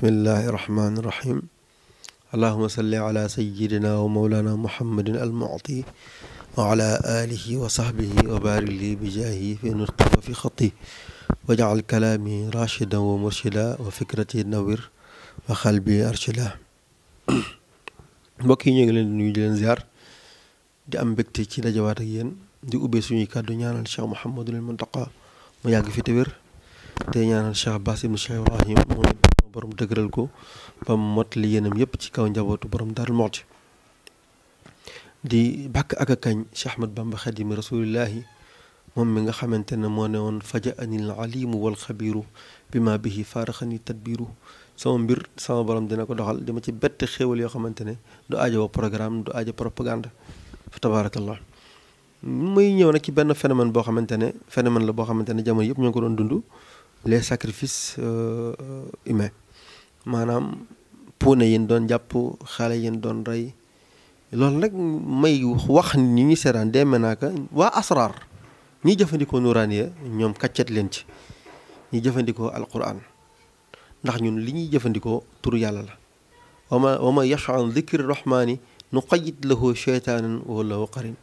bismillahi rahmaani rahim allahuma salli ala sayidina wa mawlana muhammadin almuti wa ala alihi wa sahbihi wa barik li bi jaahi fi nutqi wa fi xati wajcal kalaami rachidan wa murshida wa fikrati nawir wa xalbi arshida mbokk yi ñu ngi leen di nuyu di leen ziar di am mbégte ci dajawaat ak yéen di ubbee suñuy kàddu ñaanal Cheikh Mouhamadul Muntaqa mu yàgg fi te wér te ñaanal Cheikh Bass ibnu Cheikh Ibrahim borom dëgëral ko ba mu mottali yéenam yépp ci kaw njabootu borom Daaru Muxti di bàkk ak a kañ Cheikh Ahmad Bamba Xaadimu Rasuulillaahi moom mi nga xamante ne moo ne woon faja anil alimu wal xabiru bi ma bihi faaraxani tadbiru sama mbir sama borom dina ko doxal dama ci bett xéewal yoo xamante ne du aajo wa programme du aajo propagande fa tabaarakallah muy ñëw nag ci benn phénomène boo xamante ne phénomène la boo xamante ne jamono yëpp ñoo ko doon dund les sacrifices euh, humains maanaam puune yin doon jàpp xale yin doon rey loolu nag may wax ñi ñu seetaan deme naa ka waa asraar ñi jëfandikoo nuraan ñoom kàccat leen ci ñi jëfandikoo alquran ndax ñun li ñuy jëfandikoo tur yàlla la ma wama wama yasha an dikri rahmaani nu la ko cheytaanan wala waqarin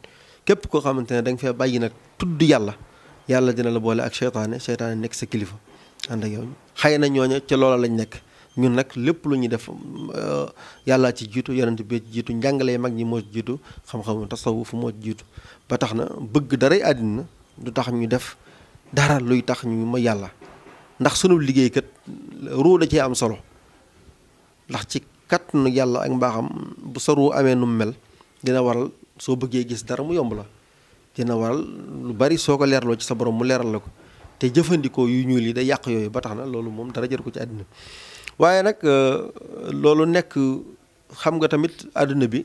képp koo xamante ne da nga fee bàyyi nag tudd yàlla yàlla dina la boole ak cheytaane cheytaane nekk sa kilifa ànd ak yow xëy na ñooña ca loola lañu nekk ñun nag lépp lu ñuy def euh, yàllaa ci jiitu yonent bi jiitu njàngale mag ñi moo jiitu xam-xam fu moo jiitu ba tax na bëgg daray àddina du tax ñu def dara luy tax ñu ma yàlla ndax liggéey liggéeykat ruu da cee am solo ndax ci kàttanu yàlla ak mbaaxam bu sa ruu amee nu mel dina waral soo bëggee gis dara mu yomb la dina waral lu bari soo ko leerloo ci sa borom mu leeral la ko te jëfandikoo yu ñuul yi day yàq yooyu ba tax na loolu moom dara jër ko ci àddina waaye nag euh, loolu nekk xam nga tamit àdduna bi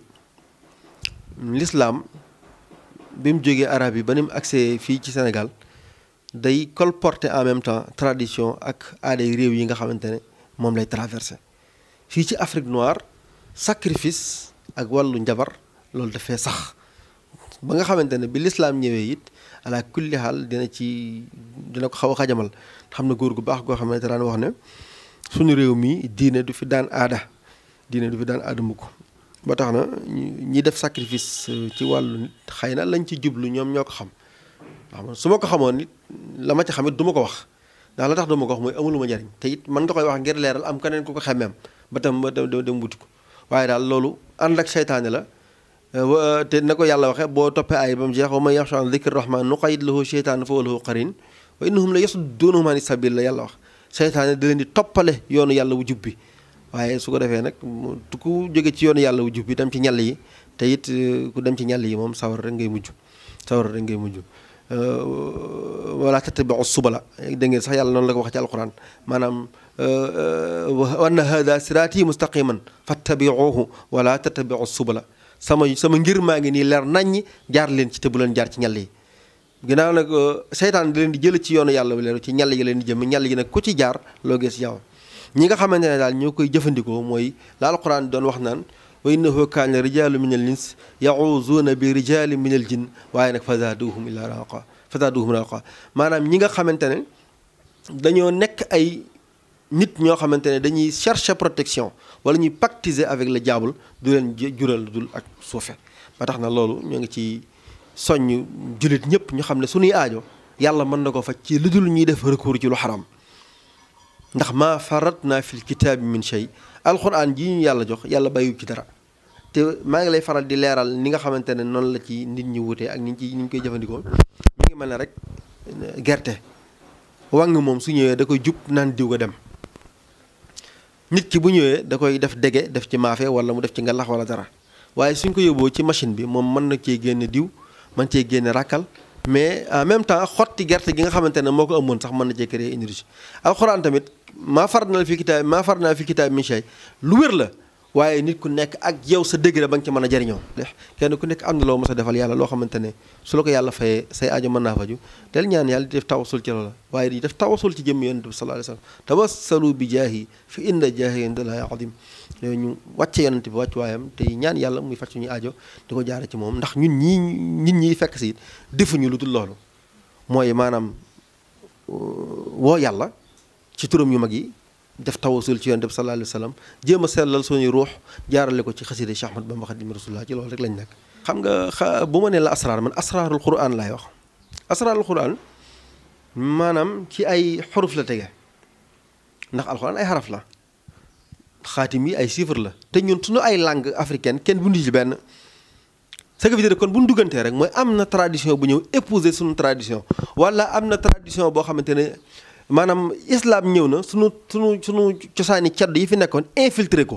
lislaam bi mu jógee arab yi ba ni mu agsee fii ci senegal day colporter en même temps tradition ak aada réew yi nga xamante ne moom lay traversé fii ci Afrique noire sacrifice ak wàllu njabar loolu dafee sax ba nga xamante ne bi lislaam ñëwee it ala kulli xaal dina ci dina ko xaw xajamal xam na góor gu baax goo xam ne daan wax ne suñu réew mi diine du fi daan aada diine du fi daan aada mukk ba tax na ñi def sacrifice euh, ci wàllu nit xay na lañ ci jublu ñoom ñoo ko xam xam su ma ko xamoon nit la ma ci xam it du ma ko wax ndax la tax du ma ko wax mooy ma njariñ te it man nga koy wax ngir leeral am keneen ku ko xemmeem ba tam ba dem wuti ko waaye daal loolu ànd ak seytaane la euh, euh, te na ko yàlla waxe boo toppee ay ba mu jeex wa man yaxsha an dikri rahman nuqayyid lahu seytaan fa huwa lahu qarin wa innahum la yasudduunahum an sabil la yàlla wax seytaane di di toppale yoonu yàlla wu jub bi waaye su ko defee nag ku jóge ci yoonu yàlla wu jub bi dem ci ñàll yi te it uh, ku dem ci ñàll yi moom sawar rek ngay mujj sawar rek ngay mujj uh, wala tattabi'u subula dégg ngeen sax yàlla noonu la ko wax ci alquran maanaam uh, wa anna hada siraati mustaqiman fattabi'uhu wala tattabi'u subula sama sama ngir maa ngi nii leer naññi jaar leen ci te bu leen jaar ci ñàll yi ginnaaw nag euh, seytaan di di jël ci yoonu yàlla bi leen ci ñal yi leen di jëm ñal yi nag ku ci jaar loo gis yaw ñi nga xamante ne daal ñoo koy jëfandikoo mooy la alquran doon wax naan wa innahu kaana rijalu min al ins yahuzuuna bi rijali min al jin waaye nag fazaduhum illa raqa fazaduhum raqa maanaam ñi nga xamante ne dañoo nekk ay nit ñoo xamante ne dañuy chercher protection wala ñuy pactiser avec le diable du leen jural dul ak suufe ba tax na loolu ñoo ngi ci soññ jullit ñëpp ñu xam ne suñuy aajo yàlla mën na ko faj ci lu dul ñuy def recours ci lu xaram ndax maa faratna fil kitaabi min shay alxuraan ji ñu yàlla jox yàlla bàyyiwu ci dara te maa ngi lay faral di leeral ni nga xamante ne noonu la ci nit ñi wutee ak ni ci ni ñu koy jëfandikoo mi ngi mel ne rek gerte wàng moom su ñëwee da koy jub naan diw ko dem nit ki bu ñëwee da koy def dege def ci maafe wala mu def ci ngalax wala dara waaye suñ ko yóbboo ci machine bi moom mën na cee génn diw man cee génne ràkkal mais en même temps xotti gerte gi nga xamante ne moo ko amoon sax mën na cee créer énergie alxuraan tamit maa far naa fi kitaab maa far naa fi kitaab min shay lu wér la waaye nit ku nekk ak yow sa degré ba nga ci mën a jariñoo kenn ku nekk am na loo mës a defal yàlla loo xamante ne su la ko yàlla fayee say ajo mën naa faju del ñaan yàlla di def tawasul ci la waaye di def tawasul ci jëmm yonent bi sallallahu alayhi wa sallam tawassalu bi jaahi fi inna jaahi indallahi adim ñu wàcce yonent bi wàcc waayam te ñaan yàlla muy faj suñu aajo di ko jaare ci moom ndax ñun ñii nit ñiy fekk si defuñu lu dul loolu mooy maanaam woo yàlla ci turam yu mag yi def tawasul ci yonent bi sallallahu alayhi wa sallam jéem a sellal ruux jaarale ko ci xasida Cheikh Ahmad Bamba Xaadimu Rasulillah ci loolu rek lañ nekk. xam nga xa bu ma nee la asraar man asraarul quraan laay wax asraarul quraan maanaam ci ay xuruf la tege ndax alxuraan ay xaraf la xaatim yi ay chiffre la te ñun suñu ay langue africaine kenn bundu ci benn. ce qui veut dire bu ñu duggantee rek mooy am na tradition bu ñëw épouser suñu tradition wala am na tradition boo xamante maanaam islam ñëw na sunu sunu sunu cosaani cedd yi fi nekkoon infiltré ko.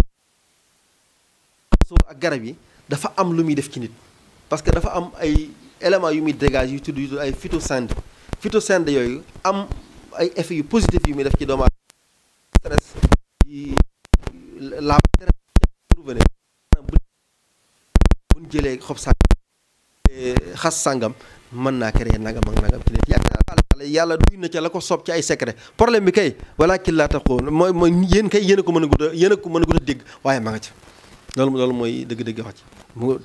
suuf ak garab yi dafa am lu muy def ci nit parce que dafa am ay éléments yu muy dégage yu tudd yu tudd ay phytosande phytosande yooyu am ay effets yu positif yu muy def ci dooma aadama stress yi la bu ñu jëlee xob sàngam eh, xas sàngam mën naa créer nangam ak nangam ci nit yàlla duy na ca la ko soob ci ay secret problème bi kay walaakin laa taqoon mooy mooy yéen kay yéen a ko mën a gudd a a ko mën a gudd a dégg waaye ma nga ca loolu mooy dégg dëgg wax ci mu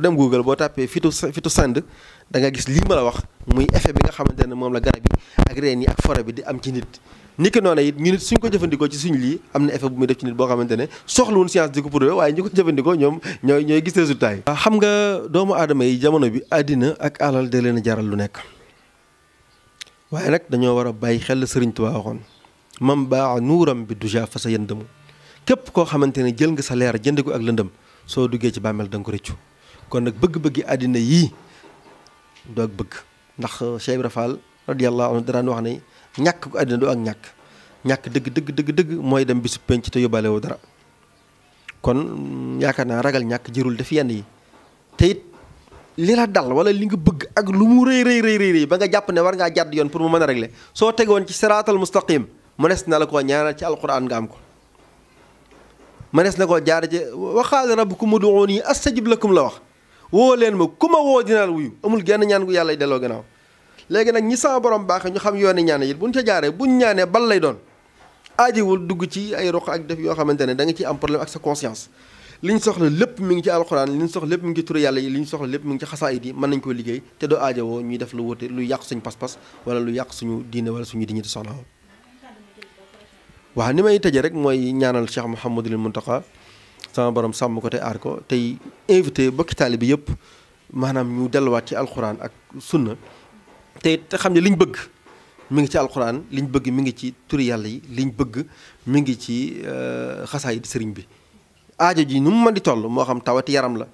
dem Google boo tàppee fitu fitu sand da nga gis lii ma la wax muy effet bi nga xamante ne moom la garab yi ak reen yi ak di am ci nit ni ki noonu it ñu nit suñ ko jëfandikoo ci suñ lii am na effet bu muy def ci nit boo xamante ne soxlawun science di ko prouvé waaye ñu ko jëfandikoo ñoom ñooy ñooy gis résultat yi xam nga doomu aadama yi jamono bi àddina ak alal da leen jaral lu nekk waaye nag dañoo war a bàyyi xel la Sëriñ Tuubaa waxoon man baa nuuram bi duja fa sa yëndëmu képp koo xamante ne jël nga sa leer jënd ko ak lëndëm soo duggee ci bàmmeel da nga ko rëccu kon nag bëgg-bëggi àddina yii doo ak bëgg ndax euh, Cheikh Ibra Fall radiyallahu anhu daraan wax ne ñàkk ko àddina doo ak ñàkk ñàkk dëgg dëgg dëgg mooy dem bisu penc te yóbbaale woo dara kon mm, yaakaar naa ragal ñàkk jërul def yenn yi te li la dal wala li nga bëgg ak lu mu rëy rëy rëy rëy ba nga jàpp ne war ngaa jàdd yoon pour mu mën a régler soo tegoon ci siraatal mustaqim mënees na la koo ñaanal ci alquran nga am ko mënees na koo jaar ci wa qaala rabbukum ud'uuni astajib lakum la la wax woo leen ma ku ma woo dinaa la wuyu amul genn ñaan ku yàlla delloo gannaaw léegi nag ñi sama borom baax ñu xam yooni ñaan yi buñ ca jaaree buñ ñaanee bal lay doon aajowul dugg ci ay roq ak def yoo xamante ne da nga ciy am problème ak sa conscience li ñu soxla lépp mi ngi ci alxuraan li ñu soxla lépp mi ngi ci turu yàlla yi li ñu soxla lépp mi ngi ci xasaayit yi mën nañ koo liggéey te doo aajowoo ñuy def lu wóote lu yàq suñu pas-pas wala lu yàq suñu diine wala suñu diine di soxla waaw ni may tëjee rek mooy ñaanal Cheikh Mouhamadul Mountakha sama borom sàmm ko te aar ko tey invité bokki bi yëpp maanaam ñu delluwaat ci alxuraan ak sunna te te xam ne liñ bëgg mi ngi ci liñ bëgg mi ngi ci turi yàlla yi liñ bëgg mi ngi ci euh, xasaayit sëriñ bi aajo ji nu mu mën di moo xam tawati yaram la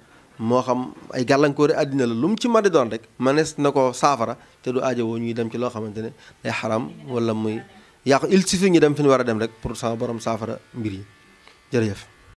moo xam ay gàllankoori àddina la lu mu ci mën doon rek mënees na ko saafara te du ajo woo ñuy dem ci loo xamante ne day xaram wala muy yàqu il suffit ñu dem fi ñu war a dem rek pour sama boroom saafara mbir yi jërëjëf.